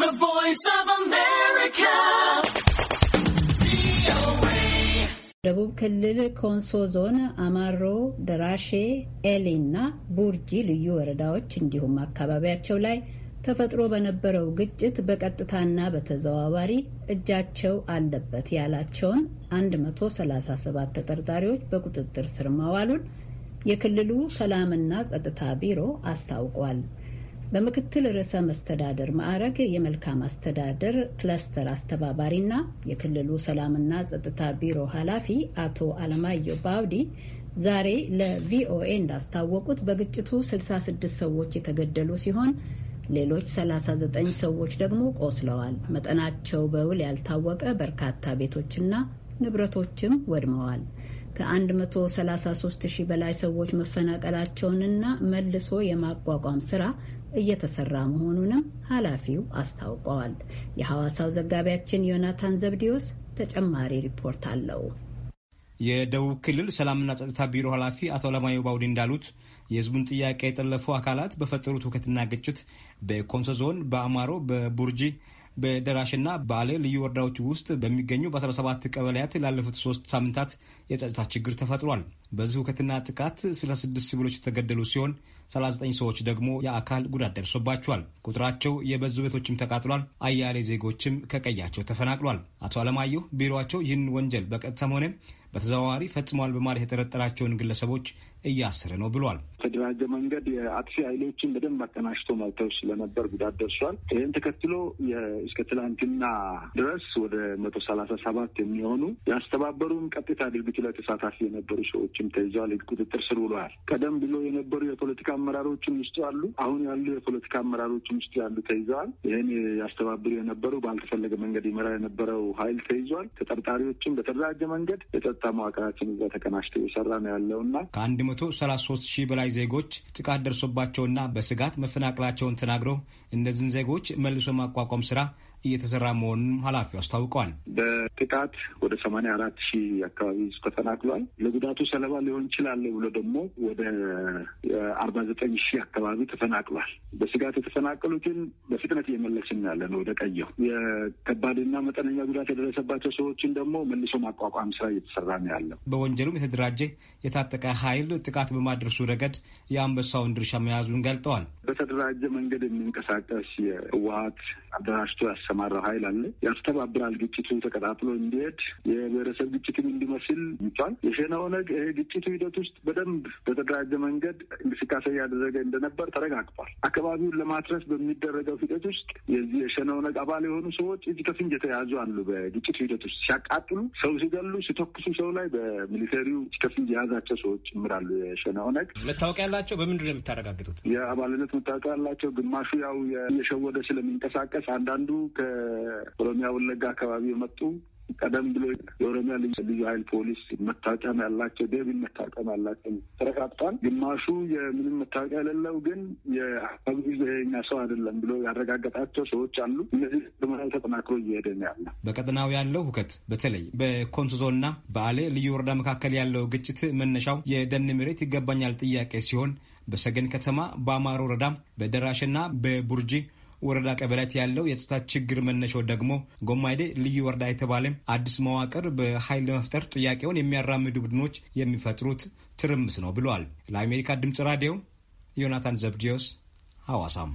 The Voice of America. ደቡብ ክልል ኮንሶ ዞን አማሮ፣ ደራሼ፣ ኤሊ እና ቡርጂ ልዩ ወረዳዎች እንዲሁም አካባቢያቸው ላይ ተፈጥሮ በነበረው ግጭት በቀጥታና በተዘዋዋሪ እጃቸው አለበት ያላቸውን 137 ተጠርጣሪዎች በቁጥጥር ስር መዋሉን የክልሉ ሰላምና ጸጥታ ቢሮ አስታውቋል። በምክትል ርዕሰ መስተዳደር ማዕረግ የመልካም አስተዳደር ክለስተር አስተባባሪና የክልሉ ሰላምና ጸጥታ ቢሮ ኃላፊ አቶ አለማየሁ ባውዲ ዛሬ ለቪኦኤ እንዳስታወቁት በግጭቱ 66 ሰዎች የተገደሉ ሲሆን ሌሎች 39 ሰዎች ደግሞ ቆስለዋል። መጠናቸው በውል ያልታወቀ በርካታ ቤቶችና ንብረቶችም ወድመዋል። ከ133 ሺህ በላይ ሰዎች መፈናቀላቸውንና መልሶ የማቋቋም ስራ እየተሰራ መሆኑንም ኃላፊው አስታውቀዋል። የሐዋሳው ዘጋቢያችን ዮናታን ዘብዲዮስ ተጨማሪ ሪፖርት አለው። የደቡብ ክልል ሰላምና ጸጥታ ቢሮ ኃላፊ አቶ አለማዮ ባውዲ እንዳሉት የህዝቡን ጥያቄ የጠለፉ አካላት በፈጠሩት ውከትና ግጭት በኮንሶ ዞን በአማሮ፣ በቡርጂ በደራሽና ባሌ ልዩ ወረዳዎች ውስጥ በሚገኙ በ17 ቀበሌያት ላለፉት ሶስት ሳምንታት የጸጥታ ችግር ተፈጥሯል። በዚህ ሁከትና ጥቃት 66 ሲቪሎች የተገደሉ ሲሆን 39 ሰዎች ደግሞ የአካል ጉዳት ደርሶባቸዋል። ቁጥራቸው የበዙ ቤቶችም ተቃጥሏል። አያሌ ዜጎችም ከቀያቸው ተፈናቅሏል። አቶ አለማየሁ ቢሮቸው ይህን ወንጀል በቀጥታም ሆነ በተዘዋዋሪ ፈጽመዋል በማለት የጠረጠራቸውን ግለሰቦች እያሰረ ነው ብሏል። በተደራጀ መንገድ የአጥፊ ኃይሎችን በደንብ አቀናጅቶ መተው ስለነበር ጉዳት ደርሷል። ይህን ተከትሎ እስከ ትላንትና ድረስ ወደ መቶ ሰላሳ ሰባት የሚሆኑ ያስተባበሩም ቀጥታ ድርጊቱ ላይ ተሳታፊ የነበሩ ሰዎችም ተይዘዋል፣ ቁጥጥር ስር ውለዋል። ቀደም ብሎ የነበሩ የፖለቲካ አመራሮችም ውስጥ አሉ። አሁን ያሉ የፖለቲካ አመራሮችም ውስጡ ያሉ ተይዘዋል። ይህን ያስተባብሩ የነበሩ ባልተፈለገ መንገድ ይመራ የነበረው ኃይል ተይዟል። ተጠርጣሪዎችም በተደራጀ መንገድ የጸጥታ መዋቅራችን እዛ ተቀናጅቶ እየሰራ ነው ያለው እና ከአንድ መቶ ሰላሳ ሶስት ሺህ በላይ ዜጎች ጥቃት ደርሶባቸውና በስጋት መፈናቀላቸውን ተናግረው እነዚህን ዜጎች መልሶ ማቋቋም ስራ እየተሰራ መሆኑንም ኃላፊው አስታውቀዋል። በጥቃት ወደ ሰማንያ አራት ሺህ አካባቢ ተፈናቅሏል። ለጉዳቱ ሰለባ ሊሆን ይችላል ብሎ ደግሞ ወደ አርባ ዘጠኝ ሺህ አካባቢ ተፈናቅሏል። በስጋት የተፈናቀሉትን በፍጥነት እየመለስን ያለ ነው ወደ ቀየው። የከባድና መጠነኛ ጉዳት የደረሰባቸው ሰዎችን ደግሞ መልሶ ማቋቋም ስራ እየተሰራ ነው ያለው። በወንጀሉም የተደራጀ የታጠቀ ኃይል ጥቃት በማድረሱ ረገድ የአንበሳውን ድርሻ መያዙን ገልጠዋል። በተደራጀ መንገድ የሚንቀሳቀስ የህወሀት አደራጅቶ ያሰማራው ኃይል አለ። ያስተባብራል። ግጭቱ ተቀጣጥሎ እንዲሄድ የብሔረሰብ ግጭትም እንዲመስል ይቷል። የሸነ ኦነግ ይሄ ግጭቱ ሂደት ውስጥ በደንብ በተደራጀ መንገድ እንቅስቃሴ እያደረገ እንደነበር ተረጋግጧል። አካባቢውን ለማትረፍ በሚደረገው ሂደት ውስጥ የዚህ የሸነ ኦነግ አባል የሆኑ ሰዎች እጅ ከፍንጅ የተያዙ አሉ። በግጭቱ ሂደት ውስጥ ሲያቃጥሉ፣ ሰው ሲገሉ፣ ሲተኩሱ እሳቸው ላይ በሚሊተሪው እስከፊል የያዛቸው ሰዎች ምራሉ የሸነ ኦነግ መታወቂያ ያላቸው በምንድን ነው የምታረጋግጡት? የአባልነት መታወቂያ ያላቸው ግማሹ ያው የሸወደ ስለሚንቀሳቀስ አንዳንዱ ከኦሮሚያ ወለጋ አካባቢ የመጡ ቀደም ብሎ የኦሮሚያ ልዩ ኃይል ፖሊስ መታወቂያም ያላቸው ዴቪን መታወቂያም ያላቸው ተረጋግጧል። ግማሹ የምንም መታወቂያ የሌለው ግን የአብዙ ዘኛ ሰው አይደለም ብሎ ያረጋገጣቸው ሰዎች አሉ። እነዚህ ምርመራው ተጠናክሮ እየሄደ ነው ያለ። በቀጠናው ያለው ሁከት በተለይ በኮንሶ ዞንና በአሌ ልዩ ወረዳ መካከል ያለው ግጭት መነሻው የደን መሬት ይገባኛል ጥያቄ ሲሆን በሰገን ከተማ በአማሮ ወረዳ በደራሽና በቡርጂ ወረዳ ቀበሌያት ያለው የጸጥታ ችግር መነሻው ደግሞ ጎማይዴ ልዩ ወረዳ የተባለ አዲስ መዋቅር በኃይል ለመፍጠር ጥያቄውን የሚያራምዱ ቡድኖች የሚፈጥሩት ትርምስ ነው ብለዋል። ለአሜሪካ ድምፅ ራዲዮ ዮናታን ዘብዲዮስ ሐዋሳም